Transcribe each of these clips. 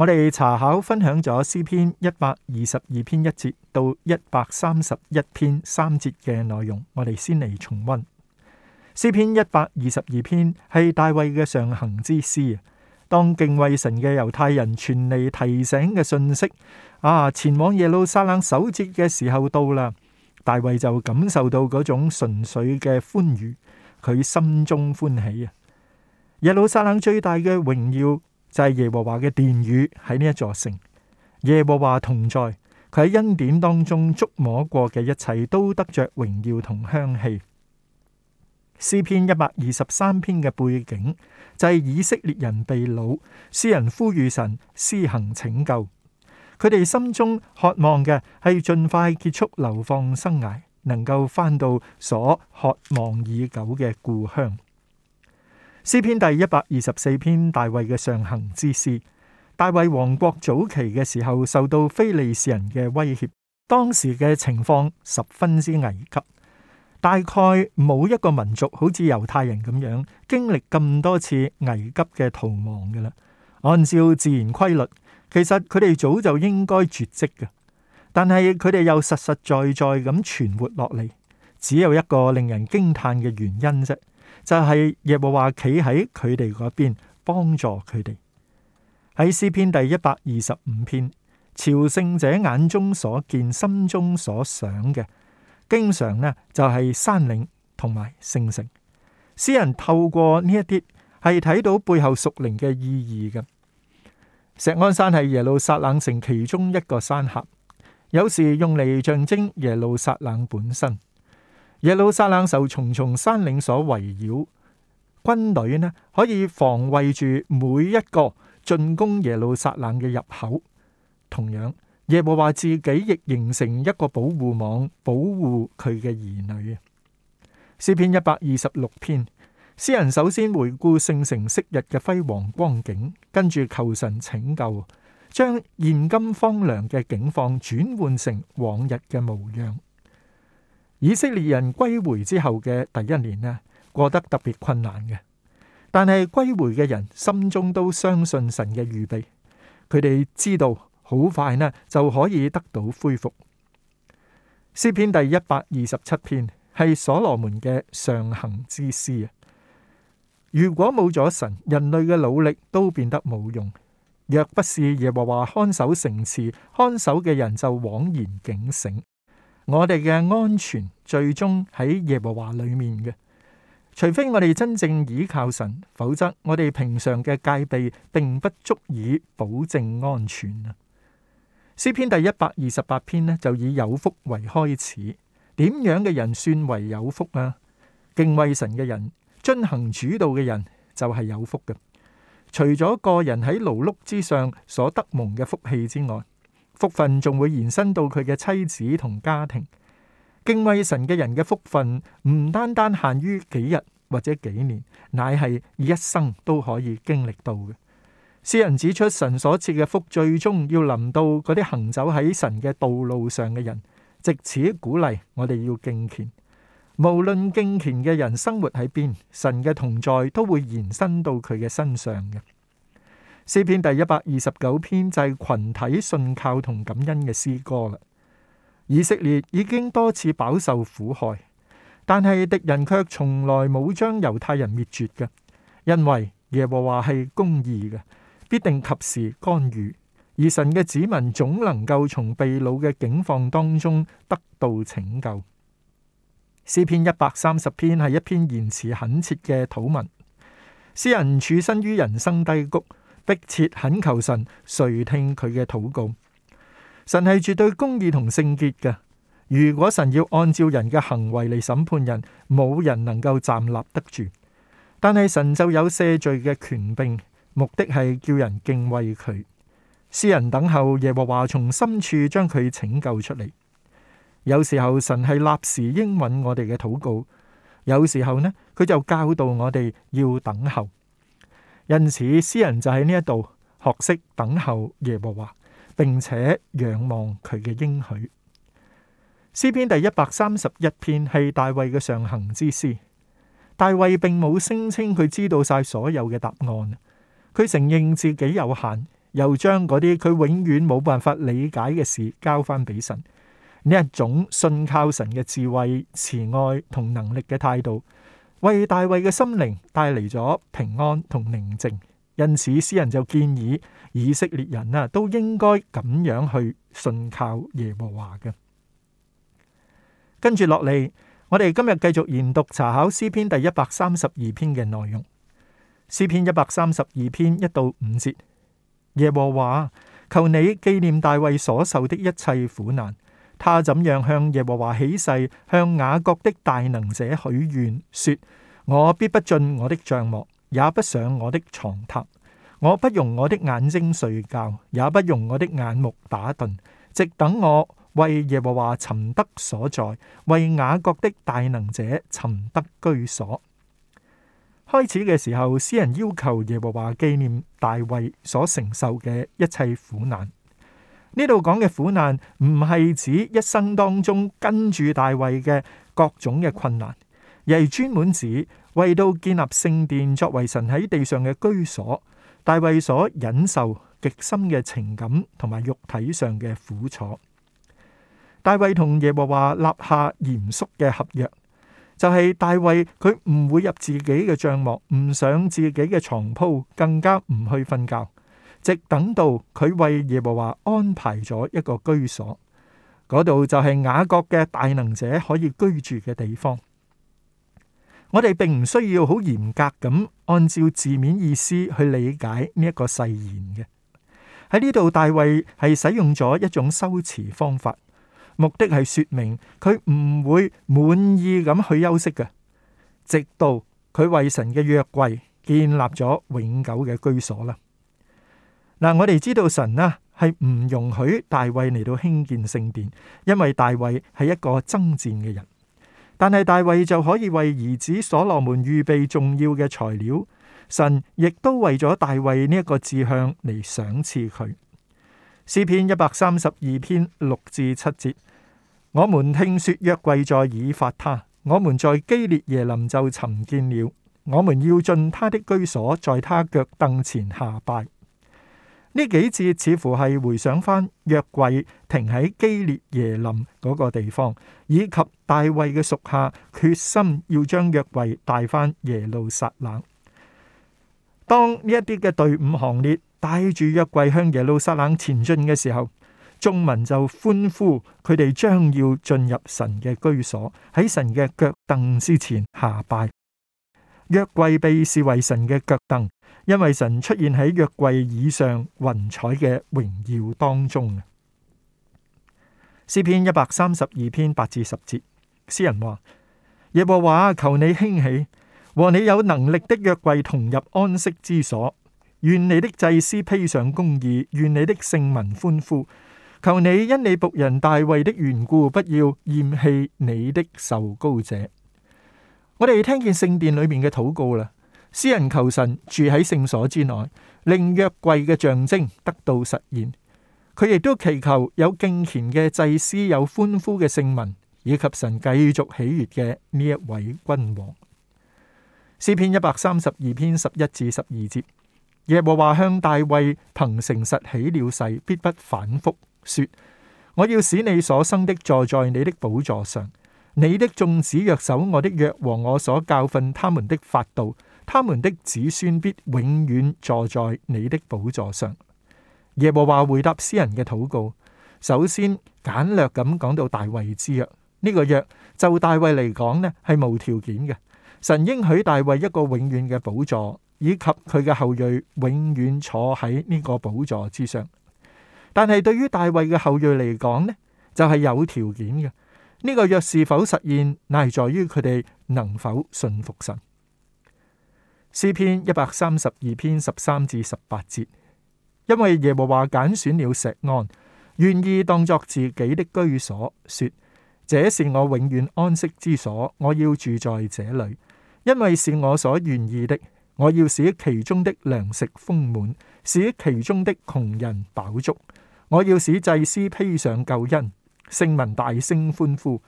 我哋查考分享咗詩篇一百二十二篇一節到一百三十一篇三節嘅內容，我哋先嚟重溫。詩篇一百二十二篇係大衛嘅上行之詩，啊。當敬畏神嘅猶太人傳嚟提醒嘅信息，啊，前往耶路撒冷守節嘅時候到啦，大衛就感受到嗰種純粹嘅歡愉，佢心中歡喜啊！耶路撒冷最大嘅榮耀。就係耶和華嘅殿宇喺呢一座城，耶和華同在，佢喺恩典當中觸摸過嘅一切都得着榮耀同香氣。詩篇一百二十三篇嘅背景就係、是、以色列人被擄，詩人呼籲神施行拯救，佢哋心中渴望嘅係盡快結束流放生涯，能夠返到所渴望已久嘅故鄉。詩篇第一百二十四篇，大衛嘅上行之詩。大衛王國早期嘅時候，受到非利士人嘅威脅，當時嘅情況十分之危急。大概冇一個民族好似猶太人咁樣，經歷咁多次危急嘅逃亡嘅啦。按照自然規律，其實佢哋早就應該絕跡嘅，但係佢哋又實實在在咁存活落嚟，只有一個令人驚嘆嘅原因啫。就係耶和華企喺佢哋嗰邊幫助佢哋。喺詩篇第一百二十五篇，朝聖者眼中所見、心中所想嘅經常呢就係山嶺同埋聖城。詩人透過呢一啲係睇到背後屬靈嘅意義嘅。錫安山係耶路撒冷城其中一個山峽，有時用嚟象徵耶路撒冷本身。耶路撒冷受重重山嶺所圍繞，軍隊呢可以防衛住每一個進攻耶路撒冷嘅入口。同樣，耶和華自己亦形成一個保護網，保護佢嘅兒女。詩篇一百二十六篇，詩人首先回顧聖城昔日嘅輝煌光景，跟住求神拯救，將現今荒涼嘅境況轉換成往日嘅模樣。以色列人歸回之後嘅第一年呢，過得特別困難嘅。但係歸回嘅人心中都相信神嘅預備，佢哋知道好快呢就可以得到恢復。詩篇第一百二十七篇係所羅門嘅上行之詩啊！如果冇咗神，人類嘅努力都變得冇用。若不是耶和華看守城池，看守嘅人就枉然警醒。我哋嘅安全最終喺耶和華裏面嘅，除非我哋真正倚靠神，否則我哋平常嘅戒備並不足以保證安全啊。詩篇第一百二十八篇呢就以有福為開始，點樣嘅人算為有福啊？敬畏神嘅人，遵行主道嘅人就係有福嘅，除咗個人喺勞碌之上所得蒙嘅福氣之外。福分仲會延伸到佢嘅妻子同家庭，敬畏神嘅人嘅福分唔單單限於幾日或者幾年，乃係一生都可以經歷到嘅。詩人指出，神所賜嘅福最終要臨到嗰啲行走喺神嘅道路上嘅人，借此鼓勵我哋要敬虔。無論敬虔嘅人生活喺邊，神嘅同在都會延伸到佢嘅身上嘅。詩篇第一百二十九篇，就係群體信靠同感恩嘅詩歌啦。以色列已經多次飽受苦害，但係敵人卻從來冇將猶太人滅絕嘅，因為耶和華係公義嘅，必定及時干預。而神嘅子民總能夠從被擄嘅境況當中得到拯救。詩篇一百三十篇係一篇言辭懇切嘅禱文，詩人處身於人生低谷。迫切懇求神垂聽佢嘅禱告，神係絕對公義同聖潔嘅。如果神要按照人嘅行為嚟審判人，冇人能夠站立得住。但係神就有赦罪嘅權柄，目的係叫人敬畏佢。詩人等候耶和華從深處將佢拯救出嚟。有時候神係立時應允我哋嘅禱告，有時候呢，佢就教導我哋要等候。因此，詩人就喺呢一度學識等候耶和華，並且仰望佢嘅應許。詩篇第一百三十一篇係大衛嘅上行之詩。大衛並冇聲稱佢知道晒所有嘅答案，佢承認自己有限，又將嗰啲佢永遠冇辦法理解嘅事交翻俾神。呢一種信靠神嘅智慧、慈愛同能力嘅態度。為大衛嘅心靈帶嚟咗平安同寧靜，因此詩人就建議以色列人啊都應該咁樣去信靠耶和華嘅。跟住落嚟，我哋今日繼續研讀查考詩篇第一百三十二篇嘅內容。詩篇一百三十二篇一到五節：耶和華，求你紀念大衛所受的一切苦難。他怎樣向耶和華起誓，向雅各的大能者許願，說：我必不進我的帳幕，也不上我的床榻；我不用我的眼睛睡覺，也不用我的眼目打盹，直等我為耶和華尋得所在，為雅各的大能者尋得居所。開始嘅時候，詩人要求耶和華紀念大衛所承受嘅一切苦難。呢度講嘅苦難唔係指一生當中跟住大衛嘅各種嘅困難，而係專門指為到建立聖殿作為神喺地上嘅居所，大衛所忍受極深嘅情感同埋肉體上嘅苦楚。大衛同耶和華立下嚴肅嘅合約，就係大衛佢唔會入自己嘅帳幕，唔上自己嘅床鋪，更加唔去瞓覺。直等到佢為耶和華安排咗一個居所，嗰度就係雅各嘅大能者可以居住嘅地方。我哋並唔需要好嚴格咁按照字面意思去理解呢一個誓言嘅。喺呢度，大衛係使用咗一種修辭方法，目的係說明佢唔會滿意咁去休息嘅，直到佢為神嘅約櫃建立咗永久嘅居所啦。嗱、嗯，我哋知道神啊，係唔容許大衛嚟到興建聖殿，因為大衛係一個爭戰嘅人。但係大衛就可以為兒子所羅門預備重要嘅材料，神亦都為咗大衛呢一個志向嚟賞賜佢。詩篇一百三十二篇六至七節，我們聽說約櫃在以法他，我們在基列耶林就尋見了。我們要進他的居所，在他腳凳前下拜。呢幾次似乎係回想翻約櫃停喺基列耶林嗰個地方，以及大衛嘅屬下決心要將約櫃帶翻耶路撒冷。當呢一啲嘅隊伍行列帶住約櫃向耶路撒冷前進嘅時候，眾民就歡呼，佢哋將要進入神嘅居所，喺神嘅腳凳之前下拜。約櫃被視為神嘅腳凳。因為神出現喺約櫃以上雲彩嘅榮耀當中啊！詩篇一百三十二篇八至十節，詩人話：耶和華求你興起，和你有能力的約櫃同入安息之所，願你的祭司披上公義，願你的聖民歡呼。求你因你僕人大衛的緣故，不要厭棄你的受膏者。我哋聽見聖殿裏面嘅禱告啦。詩人求神住喺聖所之內，令約櫃嘅象徵得到實現。佢亦都祈求有敬虔嘅祭司，有歡呼嘅聖民，以及神繼續喜悅嘅呢一位君王。詩篇一百三十二篇十一至十二節，耶和華向大衛憑誠實起了誓，必不反復，說：我要使你所生的坐在你的寶座上，你的眾子若守，我的約和我所教訓他們的法度。他們的子孫必永遠坐在你的寶座上。耶和華回答詩人嘅禱告，首先簡略咁講到大衛之約。呢個約就大衛嚟講呢係無條件嘅，神應許大衛一個永遠嘅寶座，以及佢嘅後裔永遠坐喺呢個寶座之上。但係對於大衛嘅後裔嚟講呢，就係有條件嘅。呢個約是否實現，乃係在於佢哋能否順服神。詩篇一百三十二篇十三至十八節，因為耶和華揀選了石安，願意當作自己的居所，說：這是我永遠安息之所，我要住在這裏，因為是我所願意的。我要使其中的糧食豐滿，使其中的窮人飽足。我要使祭司披上救恩，聖民大聲歡呼。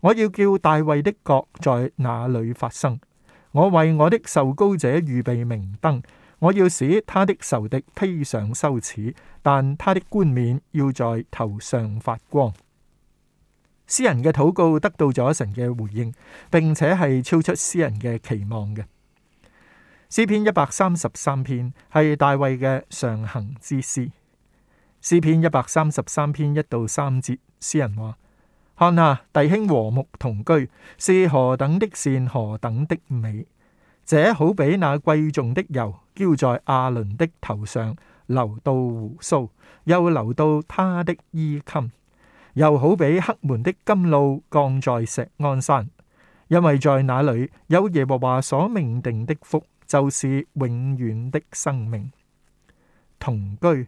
我要叫大衛的國在那裏發生。我為我的受膏者預備明燈，我要使他的仇敵披上羞恥，但他的冠冕要在頭上發光。詩人嘅禱告得到咗神嘅回應，並且係超出詩人嘅期望嘅。詩篇一百三十三篇係大衛嘅上行之詩。詩篇一百三十三篇一到三節，詩人話。看下弟兄和睦同居是何等的善，何等的美。這好比那貴重的油澆在亞倫的頭上，流到鬍鬚，又流到他的衣襟；又好比黑門的甘露降在錫安山，因為在那裏有耶和華所命定的福，就是永遠的生命。同居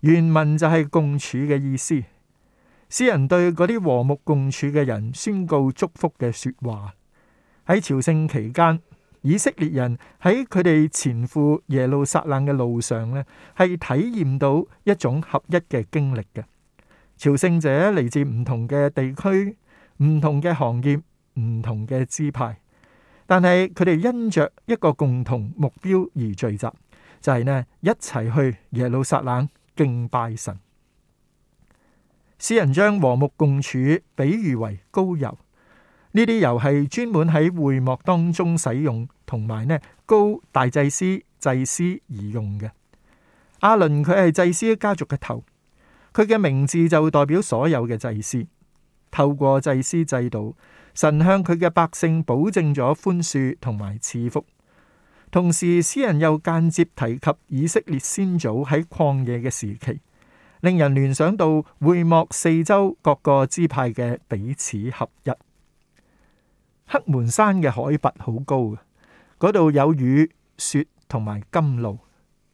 原文就係共處嘅意思。詩人對嗰啲和睦共處嘅人宣告祝福嘅說話，喺朝聖期間，以色列人喺佢哋前赴耶路撒冷嘅路上呢係體驗到一種合一嘅經歷嘅。朝聖者嚟自唔同嘅地區、唔同嘅行業、唔同嘅支派，但係佢哋因着一個共同目標而聚集，就係、是、呢：「一齊去耶路撒冷敬拜神。」詩人將和睦共處比喻為膏油，呢啲油係專門喺會幕當中使用，同埋呢膏大祭司祭司而用嘅。阿倫佢係祭司家族嘅頭，佢嘅名字就代表所有嘅祭司。透過祭司制度，神向佢嘅百姓保證咗寬恕同埋賜福，同時詩人又間接提及以色列先祖喺曠野嘅時期。令人聯想到會幕四周各個支派嘅彼此合一。黑門山嘅海拔好高，嗰度有雨雪同埋甘露，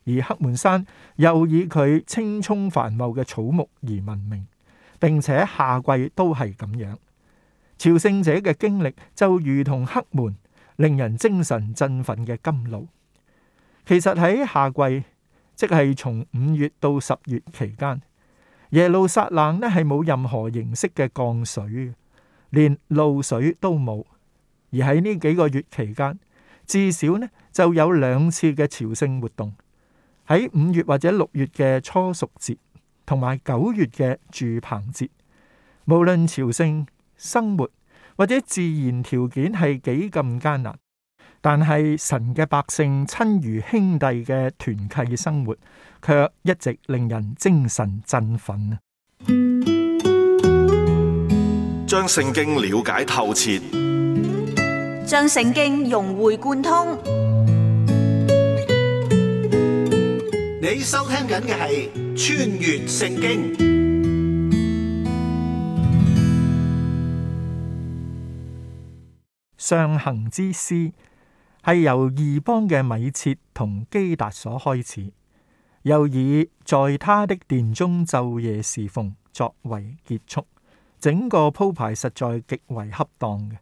而黑門山又以佢青葱繁茂嘅草木而聞名。並且夏季都係咁樣。朝聖者嘅經歷就如同黑門，令人精神振奮嘅甘露。其實喺夏季。即係從五月到十月期間，耶路撒冷咧係冇任何形式嘅降水，連露水都冇。而喺呢幾個月期間，至少咧就有兩次嘅朝聖活動，喺五月或者六月嘅初熟節，同埋九月嘅住棚節。無論朝聖、生活或者自然條件係幾咁艱難。但係神嘅百姓親如兄弟嘅團契生活，卻一直令人精神振奮。將聖經了解透徹，將聖經融會貫通。你收聽緊嘅係《穿越聖經》上行之詩。係由義邦嘅米切同基達所開始，又以在他的殿中晝夜侍奉作為結束。整個鋪排實在極為恰當嘅。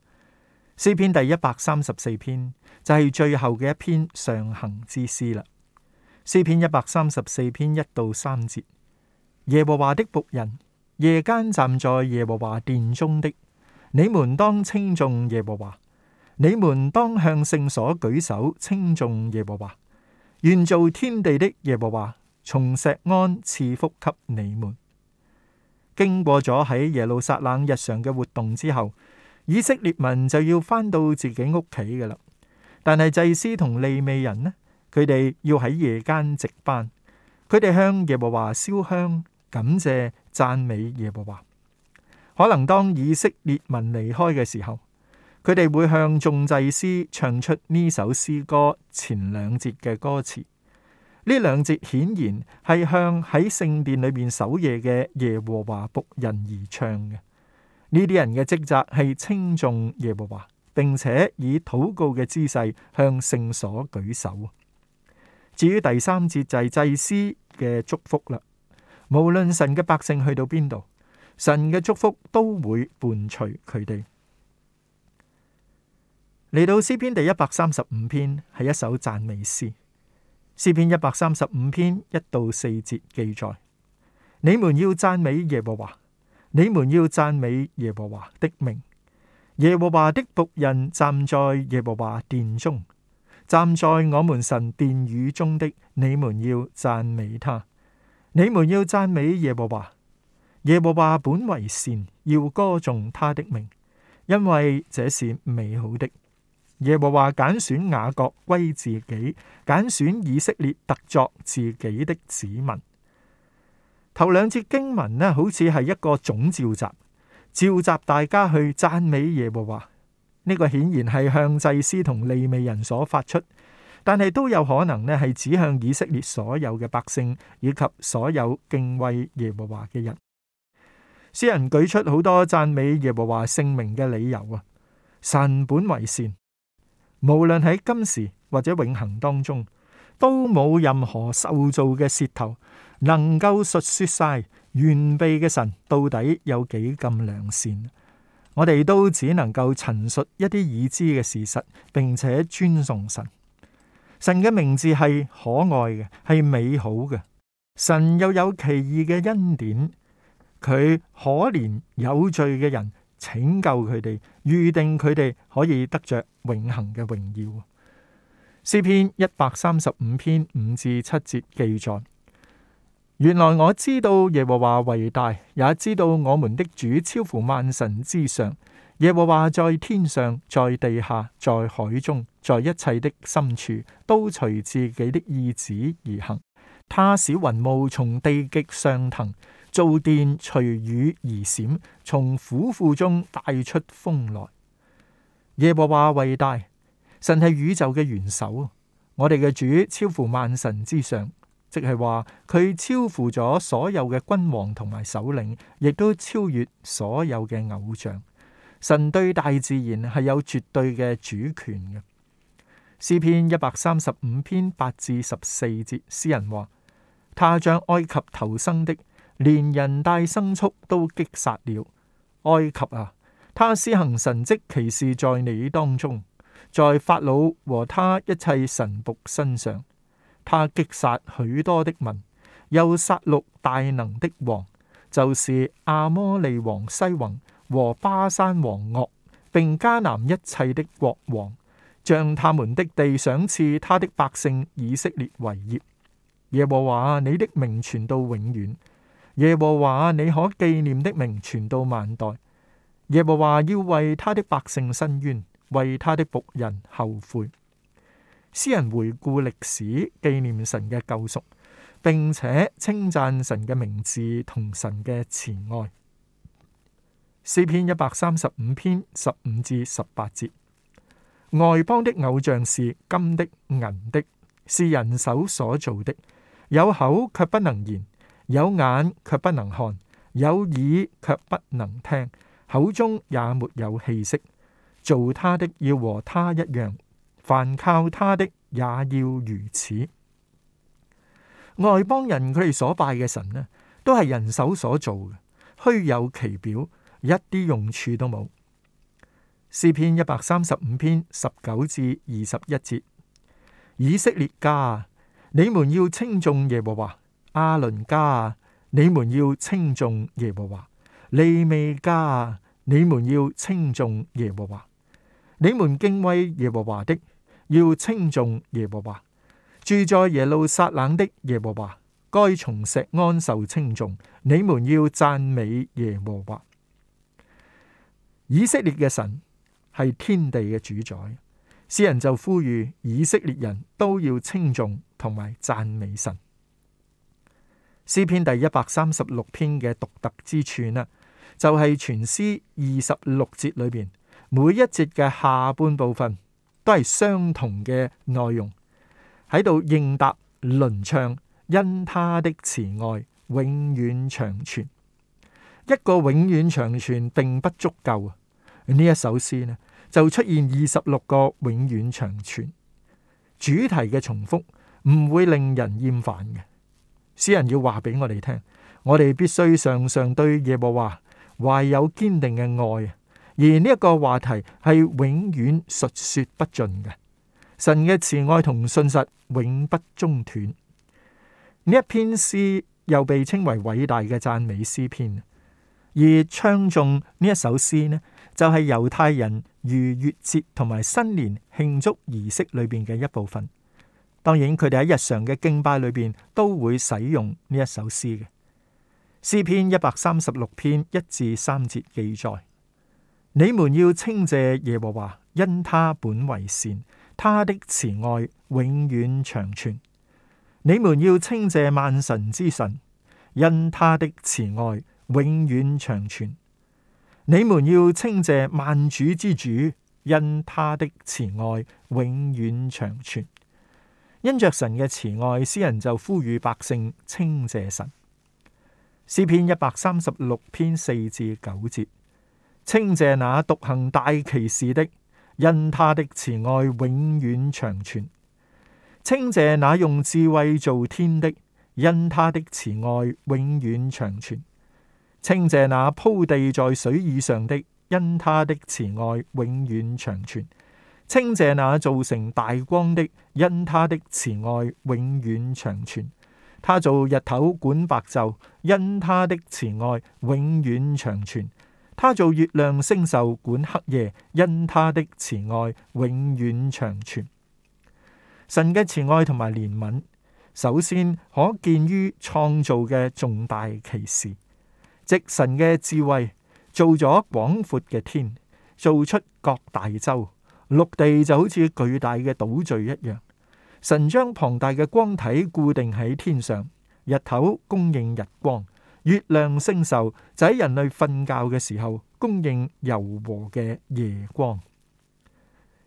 詩篇第一百三十四篇就係、是、最後嘅一篇上行之詩啦。詩篇一百三十四篇一到三節：耶和華的僕人，夜間站在耶和華殿中的，你們當稱頌耶和華。你們當向聖所舉手，稱頌耶和華，願造天地的耶和華，從錫安賜福給你們。經過咗喺耶路撒冷日常嘅活動之後，以色列民就要返到自己屋企嘅啦。但係祭司同利未人呢？佢哋要喺夜間值班，佢哋向耶和華燒香，感謝讚美耶和華。可能當以色列民離開嘅時候。佢哋會向眾祭司唱出呢首詩歌前兩節嘅歌詞，呢兩節顯然係向喺聖殿裏面守夜嘅耶和華僕人而唱嘅。呢啲人嘅職責係稱頌耶和華，並且以禱告嘅姿勢向聖所舉手。至於第三節就係祭司嘅祝福啦。無論神嘅百姓去到邊度，神嘅祝福都會伴隨佢哋。嚟到詩篇第一百三十五篇，係一首讚美詩。詩篇一百三十五篇一到四節記載：你們要讚美耶和華，你們要讚美耶和華的名。耶和華的僕人站在耶和華殿中，站在我們神殿宇中的你們要讚美他。你們要讚美耶和華。耶和華本為善，要歌頌他的名，因為這是美好的。耶和華揀選雅各歸自己，揀選以色列特作自己的子民。頭兩節經文咧，好似係一個總召集，召集大家去讚美耶和華。呢、這個顯然係向祭司同利未人所發出，但係都有可能咧，係指向以色列所有嘅百姓以及所有敬畏耶和華嘅人。詩人舉出好多讚美耶和華聖名嘅理由啊！神本為善。無論喺今時或者永恒當中，都冇任何受造嘅舌頭能夠述說晒完備嘅神到底有幾咁良善。我哋都只能夠陳述一啲已知嘅事實，並且尊崇神。神嘅名字係可愛嘅，係美好嘅。神又有奇異嘅恩典，佢可憐有罪嘅人。拯救佢哋，預定佢哋可以得着永恒嘅榮耀。詩篇一百三十五篇五至七節記載：原來我知道耶和華偉大，也知道我們的主超乎萬神之上。耶和華在天上，在地下，在海中，在一切的深處，都隨自己的意旨而行。他使雲霧從地極上騰。造電隨雨而閃，從府庫中帶出風來。耶和華為大，神係宇宙嘅元首，我哋嘅主超乎萬神之上，即係話佢超乎咗所有嘅君王同埋首領，亦都超越所有嘅偶像。神對大自然係有絕對嘅主權嘅。詩篇一百三十五篇八至十四節，詩人話：他將埃及投生的。連人帶牲畜都擊殺了埃及啊！他施行神蹟奇事在你當中，在法老和他一切臣僕身上，他擊殺許多的民，又殺戮大能的王，就是亞摩利王西宏和巴珊王噩，並迦南一切的國王，將他們的地賞賜他的百姓以色列為業。耶和華啊，你的名傳到永遠。耶和華，你可紀念的名傳到萬代。耶和華要為他的百姓申冤，為他的僕人後悔。詩人回顧歷史，紀念神嘅救贖，並且稱讚神嘅名字同神嘅慈愛。詩篇一百三十五篇十五至十八節：外邦的偶像，是金的、銀的，是人手所造的，有口卻不能言。有眼卻不能看，有耳卻不能聽，口中也沒有氣息。做他的要和他一樣，凡靠他的也要如此。外邦人佢哋所拜嘅神呢，都係人手所做嘅，虛有其表，一啲用處都冇。詩篇一百三十五篇十九至二十一節：以色列家，你們要稱頌耶和華。阿倫家，你們要稱頌耶和華；利未家，你們要稱頌耶和華；你們敬畏耶和華的，要稱頌耶和華。住在耶路撒冷的耶和華，該從錫安受稱頌。你們要讚美耶和華。以色列嘅神係天地嘅主宰，詩人就呼籲以色列人都要稱頌同埋讚美神。詩篇第一百三十六篇嘅獨特之處呢，就係全詩二十六節裏邊，每一節嘅下半部分都係相同嘅內容，喺度應答、輪唱，因他的慈愛永遠長存。一個永遠長存並不足夠啊，呢一首詩呢，就出現二十六個永遠長存主題嘅重複，唔會令人厭煩嘅。詩人要話俾我哋聽，我哋必須常常對耶和華懷有堅定嘅愛。而呢一個話題係永遠述說不盡嘅，神嘅慈愛同信實永不中斷。呢一篇詩又被稱為偉大嘅讚美詩篇，而唱誦呢一首詩呢，就係、是、猶太人逾越節同埋新年慶祝儀式裏邊嘅一部分。當然，佢哋喺日常嘅敬拜裏邊都會使用呢一首詩嘅。詩篇一百三十六篇一至三節記載：你們要稱謝耶和華，因他本為善，他的慈愛永遠長存。你們要稱謝萬神之神，因他的慈愛永遠長存。你們要稱謝萬主之主，因他的慈愛永遠長存。因着神嘅慈愛，詩人就呼籲百姓稱謝神。詩篇一百三十六篇四至九節：，稱謝那獨行大奇事的，因他的慈愛永遠長存；，稱謝那用智慧做天的，因他的慈愛永遠長存；，稱謝那鋪地在水以上的，因他的慈愛永遠長存。稱謝那造成大光的，因他的慈愛永遠長存；他做日頭管白晝，因他的慈愛永遠長存；他做月亮星宿管黑夜，因他的慈愛永遠長存。神嘅慈愛同埋憐憫，首先可見於創造嘅重大奇事，即神嘅智慧做咗廣闊嘅天，做出各大洲。陸地就好似巨大嘅島嶼一樣，神將龐大嘅光體固定喺天上，日頭供應日光，月亮星宿就喺人類瞓覺嘅時候供應柔和嘅夜光。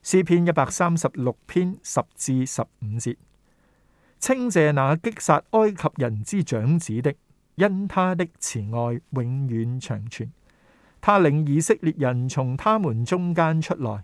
詩篇一百三十六篇十至十五節，稱謝那擊殺埃及人之長子的，因他的慈愛永遠長存，他領以色列人從他們中間出來。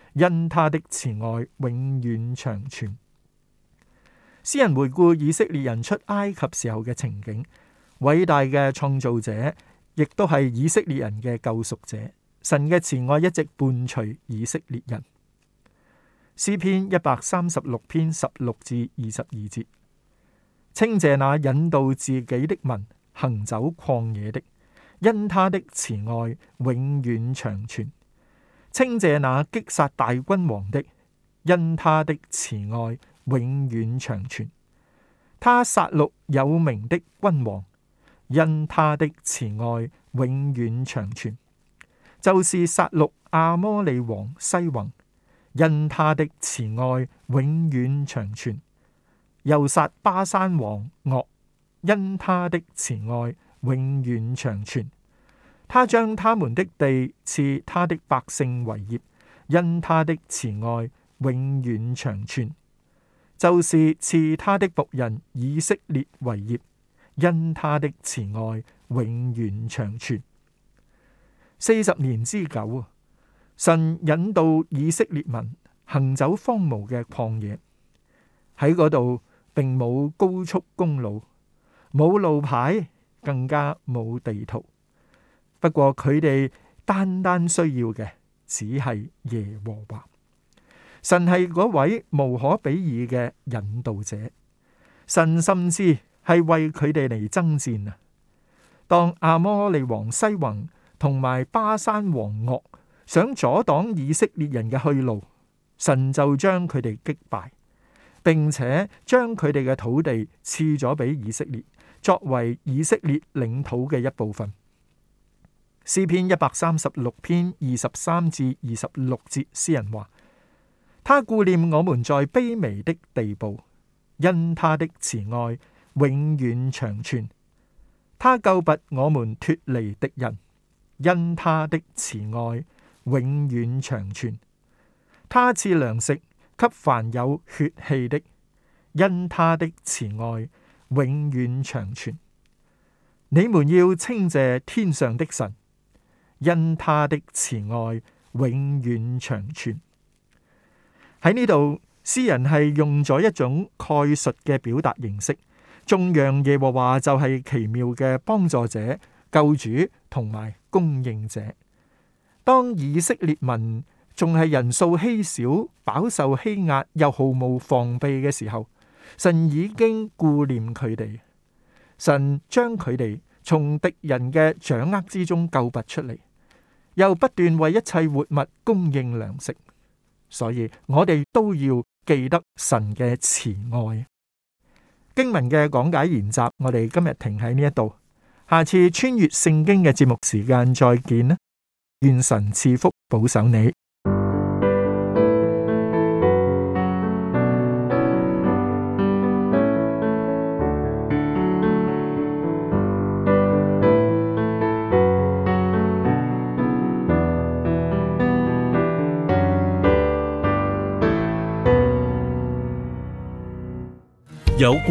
因他的慈愛永遠長存。詩人回顧以色列人出埃及時候嘅情景，偉大嘅創造者，亦都係以色列人嘅救贖者。神嘅慈愛一直伴隨以色列人。詩篇一百三十六篇十六至二十二節：稱謝那引導自己的民行走曠野的，因他的慈愛永遠長存。稱謝那擊殺大君王的，因他的慈愛永遠長存；他殺戮有名的君王，因他的慈愛永遠長存；就是殺戮亞摩利王西宏，因他的慈愛永遠長存；又殺巴珊王噩，因他的慈愛永遠長存。他將他們的地賜他的百姓為業，因他的慈愛永遠長存。就是賜他的僕人以色列為業，因他的慈愛永遠長存。四十年之久神引導以色列民行走荒蕪嘅曠野，喺嗰度並冇高速公路，冇路牌，更加冇地圖。不過佢哋單單需要嘅只係耶和華。神係嗰位無可比擬嘅引導者。神甚至係為佢哋嚟爭戰啊！當亞摩利王西宏同埋巴山王惡想阻擋以色列人嘅去路，神就將佢哋擊敗，並且將佢哋嘅土地賜咗俾以色列，作為以色列領土嘅一部分。詩篇一百三十六篇二十三至二十六節，詩人話：他顧念我們在卑微的地步，因他的慈愛永遠長存；他救拔我們脱離敵人，因他的慈愛永遠長存；他賜糧食給凡有血氣的，因他的慈愛永遠長存。你們要稱謝天上的神。因他的慈愛永遠長存。喺呢度，詩人係用咗一種概述嘅表達形式，頌揚耶和華就係奇妙嘅幫助者、救主同埋供應者。當以色列民仲係人數稀少、飽受欺壓又毫無防備嘅時候，神已經顧念佢哋，神將佢哋從敵人嘅掌握之中救拔出嚟。又不斷為一切活物供應糧食，所以我哋都要記得神嘅慈愛。經文嘅講解研習，我哋今日停喺呢一度，下次穿越聖經嘅節目時間再見啦！願神賜福保守你。